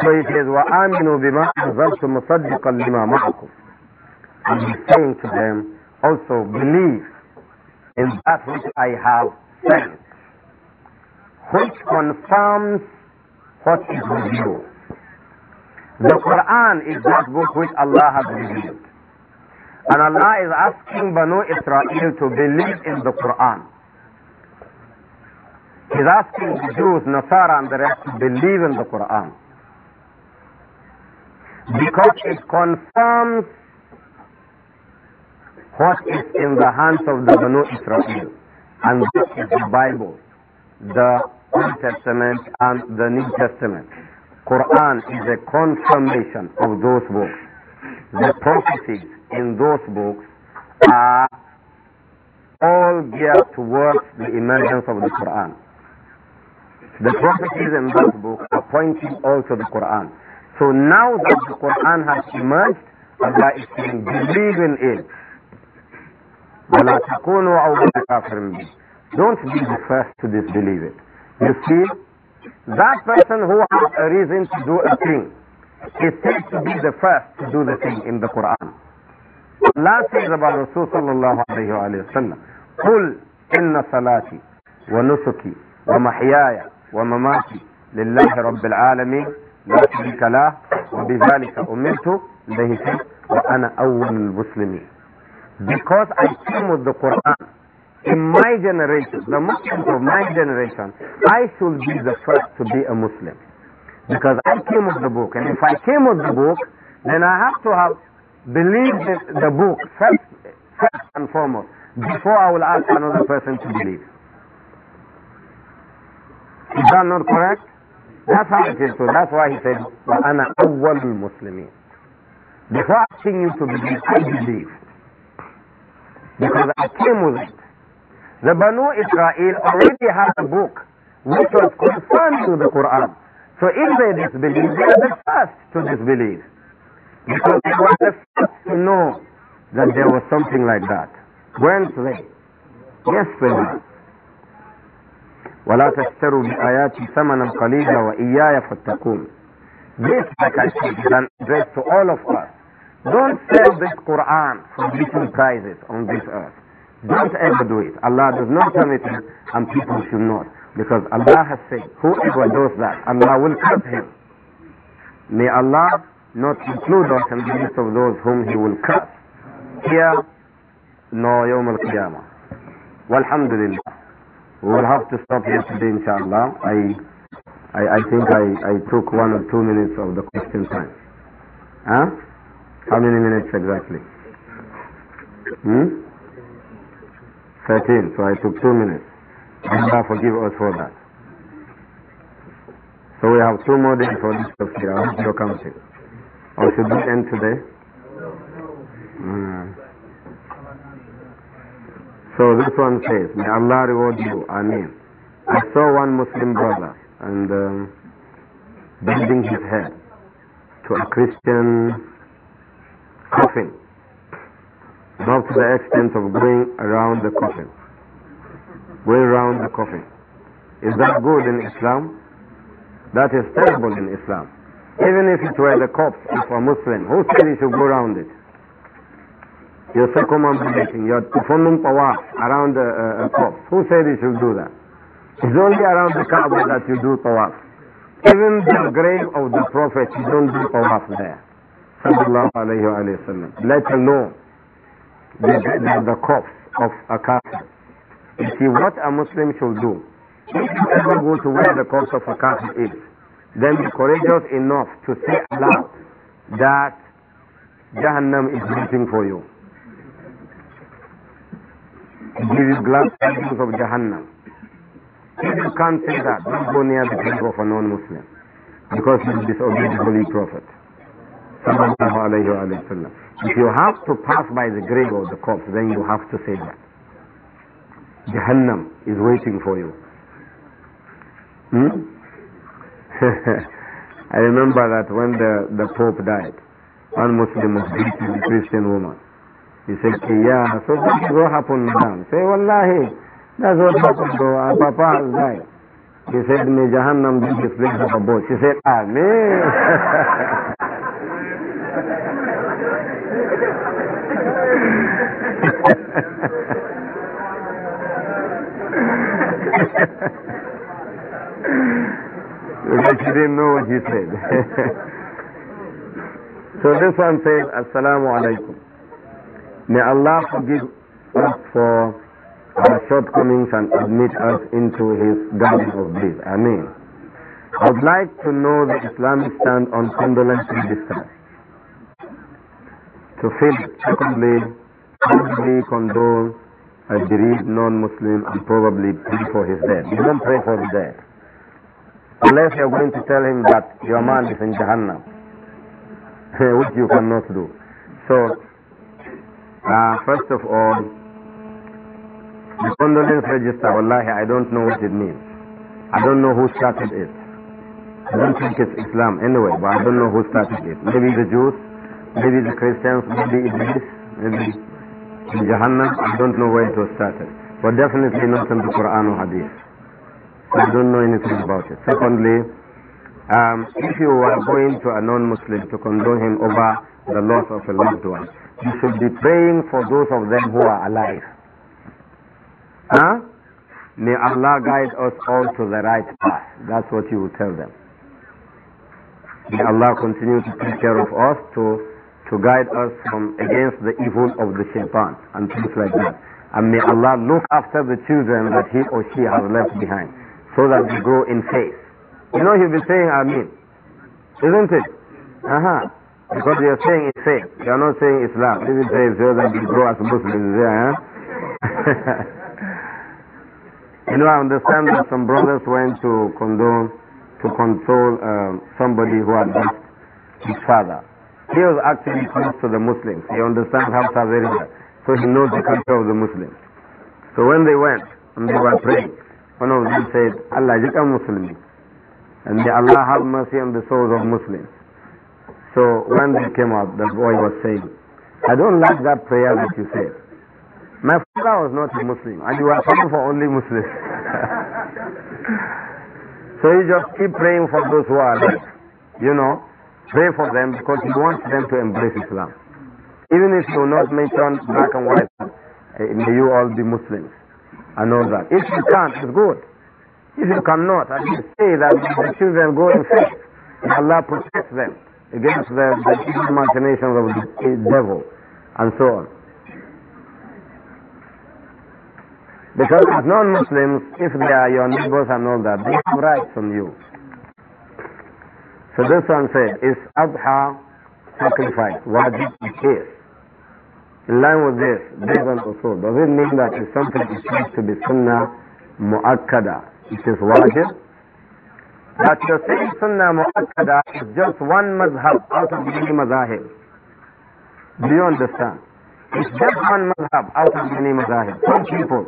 So he says, وَآمِنُوا بِمَا أَنزَلْتُ مُصَدِّقًا لِمَا مَعَكُمْ And he's saying to them, also believe in that which I have sent, which confirms what is you know. The Quran is that book which Allah has revealed. And Allah is asking Banu Israel to believe in the Quran. He's asking the Jews, Nasara and the rest to believe in the Quran. Because it confirms what is in the hands of the Banu Israel. And this is the Bible, the Old Testament and the New Testament. Quran is a confirmation of those books. The prophecies in those books are all geared towards the emergence of the Quran. The prophecies in those books are pointing also to the Quran. So now that the Quran has emerged, Allah is saying, believe in it. بِهِ Don't be the first to disbelieve it. You see, that person who has a reason to do a thing is said to be the first to do the thing in the Quran. Allah says about Rasul sallallahu alayhi wa sallam, قُلْ إِنَّ صَلَاتِي وَنُسُكِي وَمَحْيَايَ وَمَمَاتِي لِلَّهِ رَبِّ الْعَالَمِينَ لَا شَرِيكَ لَهُ وَبِذَلِكَ أُمِرْتُ لَهِ وَأَنَا أَوَّلُ الْمُسْلِمِينَ Because I came with the Quran, in my generation, the Muslims of my generation, I should be the first to be a Muslim. Because I came with the book. And if I came with the book, then I have to have believed the book first, first and foremost before I will ask another person to believe. Is that not correct? That's how it is. So that's why he said, وَأَنَا أَوَّلُ الْمُسْلِمِينَ Before asking you to believe, I believe. Because I came with it. The Banu Israel already had a book which was confirmed to the Quran. So if they disbelieve, they are the first to disbelieve. Because they were the first to know that there was something like that. Weren't they? Yes, they were. ولا تشتروا بآياتي ثمنا قليلا وإياي فاتقون This, like I said, is an address to all of us. Don't sell this Quran for little prices on this earth. Don't ever do it. Allah does not permit it, and people should not. Because Allah has said, whoever does that, Allah will curse him. May Allah not include us in the list of those whom He will curse. Here, no Yawm al-Qiyamah. Walhamdulillah. We will have to stop here today, inshallah. I, I, I think I, I took one or two minutes of the question time. Huh? How many minutes exactly? Hmm? 13, so I took two minutes. Allah forgive us for that. So we have two more days for this tafsir. I hope you come counting. Or should we end today? Mm. So this one says, May Allah reward you. Ameen. I saw one Muslim brother and um, bending his head to a Christian coffin not to the extent of going around the coffin. Going around the coffin. Is that good in Islam? That is terrible in Islam. Even if it were the corpse of a Muslim, who said you should go around it? You're circumambulating, you're performing tawaf around the uh, corpse. Who said he should do that? It's only around the Kaaba that you do tawaf. Even the grave of the Prophet, you don't do tawaf there. Sallallahu alayhi wa sallam. Let alone the, the, the corpse of a kafir. You see, what a Muslim should do, if you ever go to where the corpse of a kafir is, then be courageous enough to say aloud that Jahannam is waiting for you. Give you glad tidings of Jahannam. If you can't say that, don't go near the grave of a non-Muslim because you disobeyed the Holy Prophet. Sallallahu wa if you have to pass by the grave of the corpse, then you have to say that. Jahannam is waiting for you. Hmm? I remember that when the, the Pope died, one Muslim was beating a Christian woman. He said, yeah, so what, what happened, madam? Say, wallahi, that's what happened, though. Our papa has died. He said, may Jahannam be the place of a She said, Amen. Ah, because she didn't know what he said. so this one says, Assalamu alaikum. May Allah forgive us for our shortcomings and admit us into His garden of bliss. Ameen. I would like to know the Islamic stand on condolence register. To fill secondly, how do we condole a bereaved non-Muslim and probably pray for his death? You don't pray for his death unless you're going to tell him that your man is in Jahannam, which you cannot do. So, uh, first of all, the condolence register, Allah, I don't know what it means. I don't know who started it. I don't think it's Islam anyway, but I don't know who started it. Maybe the Jews, maybe the Christians, maybe Iblis, maybe in Jahannam. I don't know where it was started. But definitely not in the Quran or Hadith. I don't know anything about it. Secondly, um, if you are going to a non-Muslim to condole him over the loss of a loved one, you should be praying for those of them who are alive. Huh? May Allah guide us all to the right path. That's what you will tell them. May Allah continue to take care of us to to guide us from against the evil of the shaitan and things like that. And may Allah look after the children that he or she has left behind so that we grow in faith. You know, he'll be saying Amin, isn't it? Uh-huh. Because we are saying it's faith. We are not saying Islam. This is faith so that we grow as Muslims. Yeah, you know, I understand that some brothers went to condone, to console um, somebody who had lost his father. He was actually close to the Muslims. He understands how Saudi Arabia. So he knows the culture of the Muslims. So when they went and they were praying, one of them said, Allah a Muslim. And may Allah have mercy on the souls of Muslims. So when they came out, the boy was saying, I don't like that prayer that you said. My father was not a Muslim, and you are praying for only Muslims. so you just keep praying for those who are left. You know, pray for them because you want them to embrace Islam. Even if you not mention black and white, eh, may you all be Muslims and all that. If you can't, it's good. If you cannot, I just say that the children go in faith. And Allah protects them against the, the evil machinations of the devil and so on. Because as non-Muslims, if they are your neighbors and all that, they have rights on you. So this one said, is Abha sacrifice, wajib is in line with this, This on usul, does it mean that if something is said to be sunnah mu'akkada, it is wajib? That the same sunnah mu'akkada is just one mazhab out of many mazahib. Do you understand? It's just one mazhab out of many mazahib. Some people,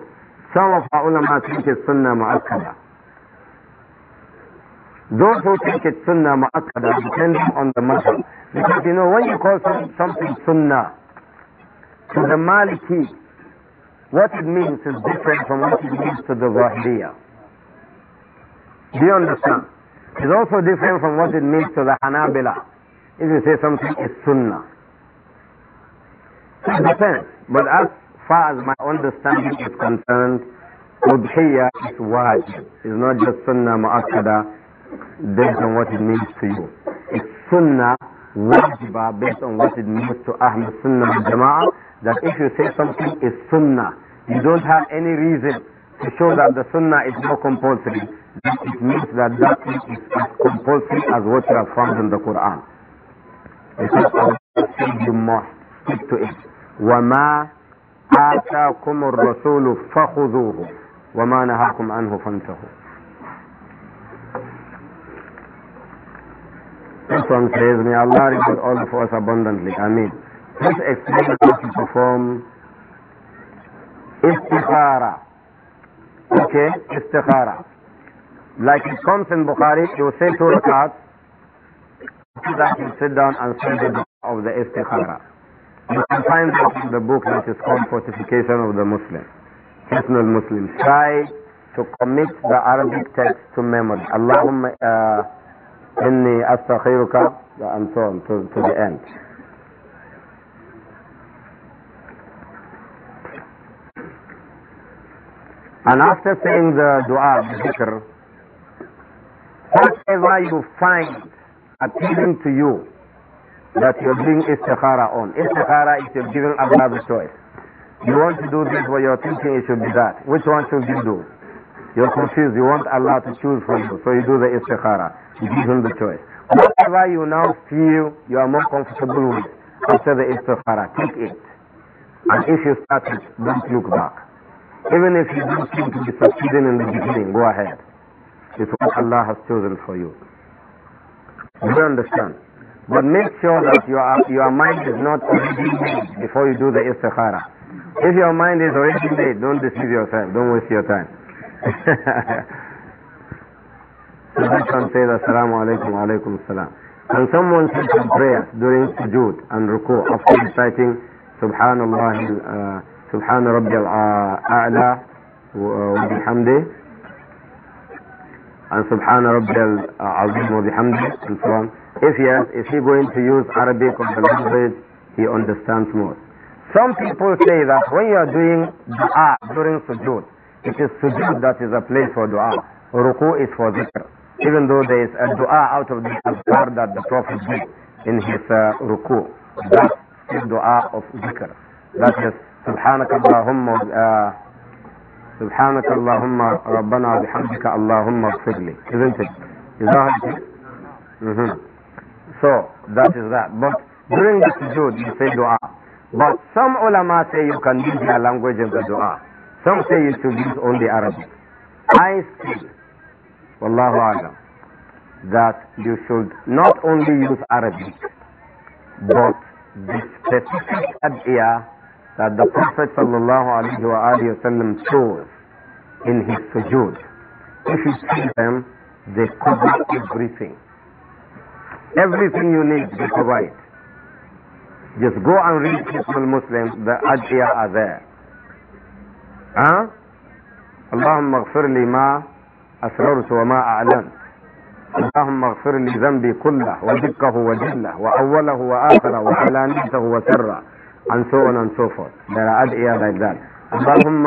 some of our ulama think it's sunnah mu'akkada. Those who think it's sunnah mu'akkada depend on the mazhab. Because you know, when you call some, something sunnah, to the Maliki, what it means is different from what it means to the Zahiriya. Do you understand? It's also different from what it means to the Hanabila. If you say something is Sunnah. It depends. But as far as my understanding is concerned, Udhiyya is wajib. It's not just Sunnah mu'akkada based on what it means to you. It's Sunnah wajiba based on what it means to Ahmad Sunnah and Jama'ah that if you say something is Sunnah, you don't have any reason to show that the Sunnah is not compulsory, That it means that that thing is as compulsory as what you have found in the Quran. Because says, you must stick to it. وَمَا آتَاكُمُ الرَّسُولُ فَخُذُوهُ وَمَا نَهَاكُمْ عَنْهُ فَانْتَهُوا This one says, May Allah reward all of us abundantly. Ameen. This explains how to perform istikhara. Okay, istikhara. Like it comes in Bukhari, you say two rakats, after that you sit down and say the of the istikhara. You can find that in the book that is called Fortification of the Muslim. Personal Muslim. Try to commit the Arabic text to memory. Allahumma. Uh, إني أستخيرك and so on to, to the end. And after saying the dua, the dhikr, whatever you find appealing to you that you're doing istikhara on. Istikhara is you're giving Allah the choice. You want to do this, but you're thinking it should be that. Which one should you do? You're confused. You want Allah to choose for you, so you do the istikhara. You give Him the choice. Whatever you now feel you are more comfortable with after the istikhara, take it. And if you start it, don't look back. Even if you don't seem to be succeeding in the beginning, go ahead. It's what Allah has chosen for you. Do you understand? But make sure that your, your mind is not already made before you do the istikhara. If your mind is already made, don't deceive yourself. Don't waste your time so Assalamu alaikum wa alaikum salam. And someone said some prayers during sujood and ruku after reciting Subhanallah, uh, Subhan Rabbi al-A'la wa bihamdi and Subhan Rabbi al-Azim wa bihamdi and so on. If yes, is he going to use Arabic or the language he understands more? Some people say that when you are doing dua during sujood, it is sujood that is a place for dua. Ruku is for zikr. Even though there is a dua out of the azkar that the Prophet did in his uh, ruku. That's the dua of zikr. That is Subhanaka Allahumma, uh, سبحانك اللهم ربنا وبحمدك اللهم اغفر is that it? Mm -hmm. so that is that but during the sujood you say dua but some ulama say you can use your language in the dua some say you should use only Arabic. I feel, Wallahu Alam, that you should not only use Arabic, but the specific ad'iyah that the Prophet sallallahu alaihi wasallam chose in his sujood. If you see them, they cover everything. Everything you need, they provide. Just go and read Ismail Muslim, the ad'iyah are there. ها اللهم اغفر لي ما أسررت وما أعلنت اللهم اغفر لي ذنبي كله ودقه وجله وأوله وآخره وعلانيته وسره عن سوء عن سوء لا forth there are اللهم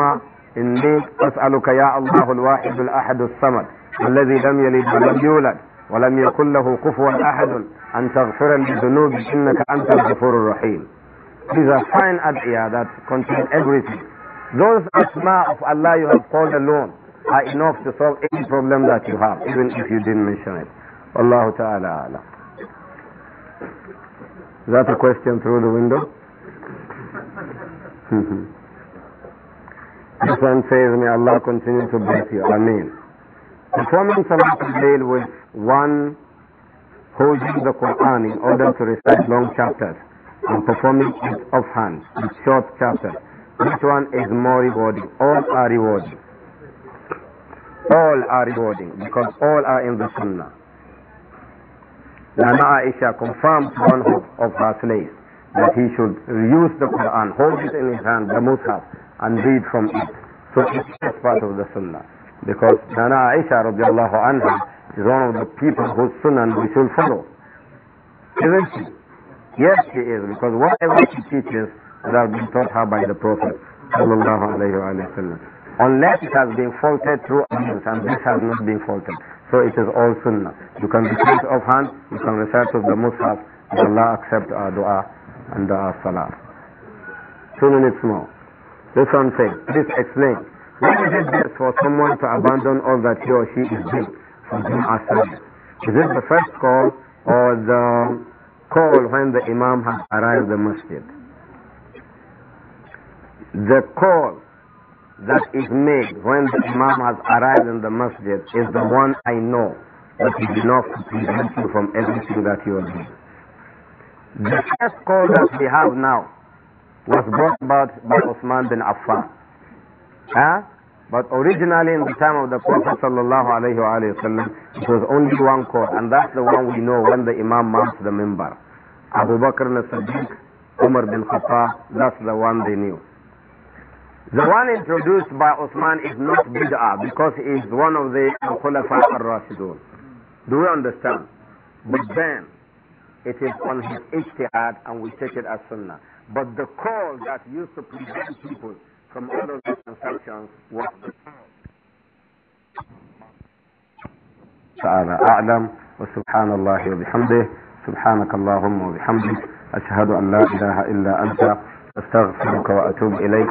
إني أسألك يا الله الواحد الأحد الصمد الذي لم يلد ولم يولد ولم يكن له كفوا أحد أن تغفر لي ذنوبي إنك أنت الغفور الرحيم These are fine ideas that contain everything Those asma of Allah you have called alone are enough to solve any problem that you have, even if you didn't mention it. Allah Ta'ala Is that a question through the window? this one says, may Allah continue to bless you. Ameen. Performing Salat al with one holding the Quran in order to recite long chapters and performing it offhand with short chapters which one is more rewarding? All are rewarding. All are rewarding because all are in the Sunnah. Nana Aisha confirmed one of her slaves that he should use the Quran, hold it in his hand, the Mus'haf, and read from it. So it's part of the Sunnah. Because Nana Aisha radiallahu anha is one of the people whose Sunnah we should follow. Isn't she? Yes, she is, because whatever she teaches, that have been taught her by the Prophet Unless it has been faulted through others and this has not been faulted. So it is all sunnah. You can recite of hand, you can recite of the mushaf, Allah accept our dua and our salah. Two minutes more. This one says, please explain. Why is it best for someone to abandon all that he or she is doing for Jum'ah service? Is it the first call or the call when the Imam has arrived the masjid? the call that is made when the Imam has arrived in the masjid is the one I know that is enough to prevent you from everything that you are doing. The first call that we have now was brought about by Uthman bin Affan. Huh? But originally in the time of the Prophet sallallahu it was only one call and that's the one we know when the Imam mounts the member. Abu Bakr as-Siddiq, Umar bin Khattab, that's the one they knew. The one introduced by Uthman is not bid'ah because he is one of the Khulafa al-Rashidun. Do we understand? But then, it is on his ijtihad and we take it as sunnah. But the call that used to prevent people from all of these transactions was the تعالى أعلم وسبحان الله وبحمده سبحانك اللهم وبحمدك أشهد أن لا إله إلا أنت أستغفرك وأتوب إليك